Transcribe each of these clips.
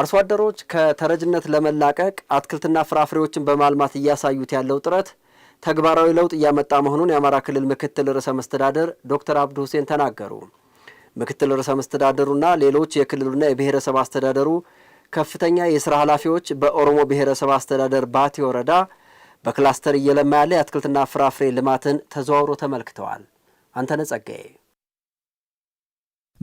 አርሶ አደሮች ከተረጅነት ለመላቀቅ አትክልትና ፍራፍሬዎችን በማልማት እያሳዩት ያለው ጥረት ተግባራዊ ለውጥ እያመጣ መሆኑን የአማራ ክልል ምክትል ርዕሰ መስተዳደር ዶክተር አብዱ ሁሴን ተናገሩ። ምክትል ርዕሰ መስተዳደሩና ሌሎች የክልሉና የብሔረሰብ አስተዳደሩ ከፍተኛ የስራ ኃላፊዎች በኦሮሞ ብሔረሰብ አስተዳደር ባቲ ወረዳ በክላስተር እየለማ ያለ የአትክልትና ፍራፍሬ ልማትን ተዘዋውሮ ተመልክተዋል። አንተነህ ጸጋዬ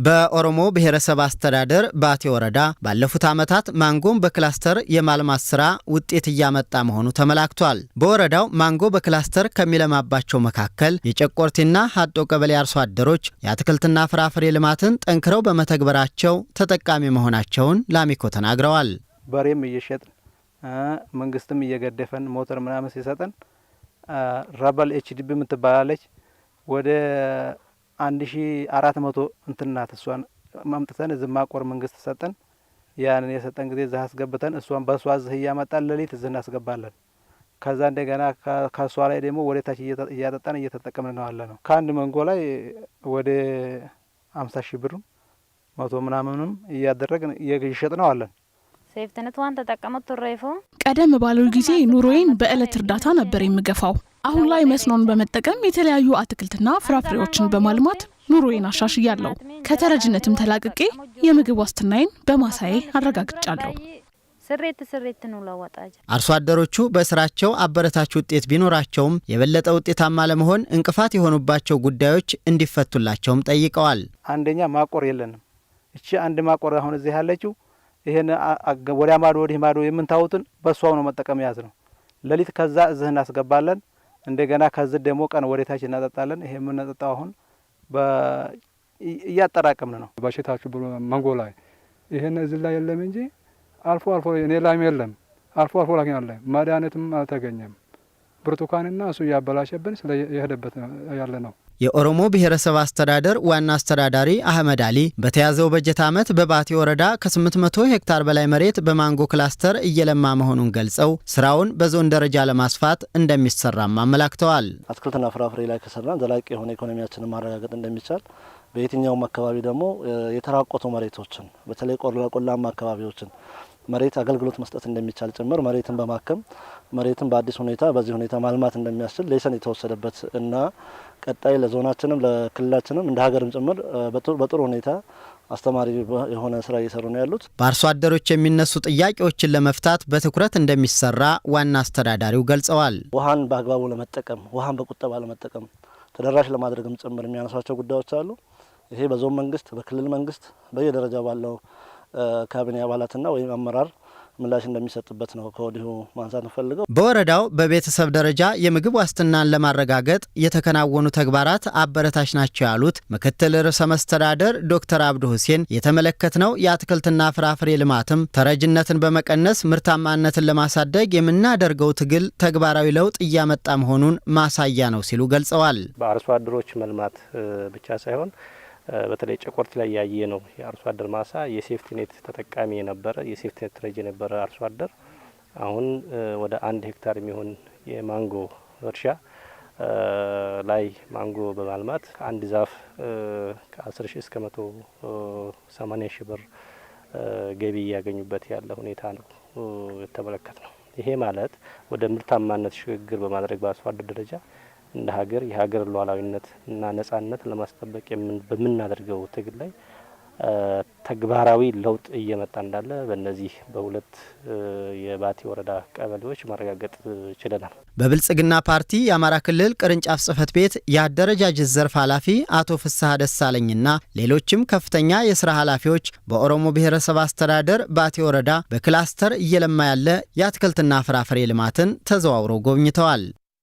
በኦሮሞ ብሔረሰብ አስተዳደር ባቴ ወረዳ ባለፉት ዓመታት ማንጎን በክላስተር የማልማት ስራ ውጤት እያመጣ መሆኑ ተመላክቷል። በወረዳው ማንጎ በክላስተር ከሚለማባቸው መካከል የጨቆርቲና ሀጦ ቀበሌ አርሶ አደሮች የአትክልትና ፍራፍሬ ልማትን ጠንክረው በመተግበራቸው ተጠቃሚ መሆናቸውን ላሚኮ ተናግረዋል። በሬም እየሸጥን መንግስትም እየገደፈን ሞተር ምናምን ሲሰጠን ረበል ኤችዲቢ የምትባላለች ወደ አንድ ሺ አራት መቶ እንትናት እሷን መምጥተን እዝ ማቆር መንግስት ሰጠን። ያንን የሰጠን ጊዜ እዚህ አስገብተን እሷን በእሷ ዝህ እያመጣን ሌሊት እዚህ እናስገባለን። ከዛ እንደገና ከእሷ ላይ ደግሞ ወደ ታች እያጠጣን እየተጠቀምን ነው ነው። ከአንድ መንጎ ላይ ወደ አምሳ ሺህ ብርም መቶ ምናምንም እያደረግን እየሸጥ ነው አለን። ሴፍትነት ዋን ተጠቀመት ቱሬፎ ቀደም ባለው ጊዜ ኑሮዬን በእለት እርዳታ ነበር የምገፋው። አሁን ላይ መስኖን በመጠቀም የተለያዩ አትክልትና ፍራፍሬዎችን በማልማት ኑሮዬን አሻሽያለሁ። ከተረጅነትም ተላቅቄ የምግብ ዋስትናዬን በማሳዬ አረጋግጫለሁ። ስሬት ስሬት ነው ለወጣጅ አርሶ አደሮቹ በስራቸው አበረታች ውጤት ቢኖራቸውም የበለጠ ውጤታማ ለመሆን እንቅፋት የሆኑባቸው ጉዳዮች እንዲፈቱላቸውም ጠይቀዋል። አንደኛ ማቆር የለንም። እቺ አንድ ማቆር አሁን እዚህ ያለችው ይህን ወዲያ ማዶ ወዲህ ማዶ የምንታዩትን በእሷው ነው መጠቀም ያዝ ነው። ሌሊት ከዛ እዚህ እናስገባለን። እንደገና ከዚህ ደግሞ ቀን ወደታች እናጠጣለን። ይሄ የምንጠጣው አሁን እያጠራቅምን ነው። በሽታችሁ ብሎ መንጎ ላይ ይሄን እዚህ ላይ የለም እንጂ አልፎ አልፎ እኔ ላይም የለም አልፎ አልፎ ላኪን አለ። መድኃኒትም አልተገኘም። ብርቱካንና እሱ እያበላሸብን ስለሄደበት ያለ ነው። የኦሮሞ ብሔረሰብ አስተዳደር ዋና አስተዳዳሪ አህመድ አሊ በተያዘው በጀት ዓመት በባቲ ወረዳ ከ800 ሄክታር በላይ መሬት በማንጎ ክላስተር እየለማ መሆኑን ገልጸው ስራውን በዞን ደረጃ ለማስፋት እንደሚሰራም አመላክተዋል። አትክልትና ፍራፍሬ ላይ ከሰራን ዘላቂ የሆነ ኢኮኖሚያችንን ማረጋገጥ እንደሚቻል በየትኛውም አካባቢ ደግሞ የተራቆቱ መሬቶችን በተለይ ቆላቆላማ አካባቢዎችን መሬት አገልግሎት መስጠት እንደሚቻል ጭምር መሬትን በማከም መሬትን በአዲስ ሁኔታ በዚህ ሁኔታ ማልማት እንደሚያስችል ሌሰን የተወሰደበት እና ቀጣይ ለዞናችንም ለክልላችንም እንደ ሀገርም ጭምር በጥሩ ሁኔታ አስተማሪ የሆነ ስራ እየሰሩ ነው ያሉት። በአርሶ አደሮች የሚነሱ ጥያቄዎችን ለመፍታት በትኩረት እንደሚሰራ ዋና አስተዳዳሪው ገልጸዋል። ውሃን በአግባቡ ለመጠቀም ውሃን በቁጠባ ለመጠቀም ተደራሽ ለማድረግም ጭምር የሚያነሷቸው ጉዳዮች አሉ። ይሄ በዞን መንግስት፣ በክልል መንግስት በየደረጃው ባለው ካቢኔ አባላትና ወይም አመራር ምላሽ እንደሚሰጥበት ነው ከወዲሁ ማንሳት ንፈልገው። በወረዳው በቤተሰብ ደረጃ የምግብ ዋስትናን ለማረጋገጥ የተከናወኑ ተግባራት አበረታች ናቸው ያሉት ምክትል ርዕሰ መስተዳደር ዶክተር አብዱ ሁሴን የተመለከትነው የአትክልትና ፍራፍሬ ልማትም ተረጅነትን በመቀነስ ምርታማነትን ለማሳደግ የምናደርገው ትግል ተግባራዊ ለውጥ እያመጣ መሆኑን ማሳያ ነው ሲሉ ገልጸዋል። በአርሶ አደሮች መልማት ብቻ ሳይሆን በተለይ ጨቆርት ላይ ያየ ነው የአርሶ አደር ማሳ የሴፍቲኔት ተጠቃሚ የነበረ የሴፍቲኔት ረጅ የነበረ አርሶ አደር አሁን ወደ አንድ ሄክታር የሚሆን የማንጎ እርሻ ላይ ማንጎ በማልማት አንድ ዛፍ ከአስር ሺ እስከ መቶ ሰማኒያ ሺ ብር ገቢ እያገኙበት ያለ ሁኔታ ነው የተመለከት ነው። ይሄ ማለት ወደ ምርታማነት ሽግግር በማድረግ በአርሶ አደር ደረጃ እንደ ሀገር የሀገር ሉዓላዊነት እና ነጻነት ለማስጠበቅ በምናደርገው ትግል ላይ ተግባራዊ ለውጥ እየመጣ እንዳለ በእነዚህ በሁለት የባቲ ወረዳ ቀበሌዎች ማረጋገጥ ችለናል። በብልጽግና ፓርቲ የአማራ ክልል ቅርንጫፍ ጽህፈት ቤት የአደረጃጀት ዘርፍ ኃላፊ አቶ ፍስሐ ደሳለኝና ሌሎችም ከፍተኛ የስራ ኃላፊዎች በኦሮሞ ብሔረሰብ አስተዳደር ባቲ ወረዳ በክላስተር እየለማ ያለ የአትክልትና ፍራፍሬ ልማትን ተዘዋውረው ጎብኝተዋል።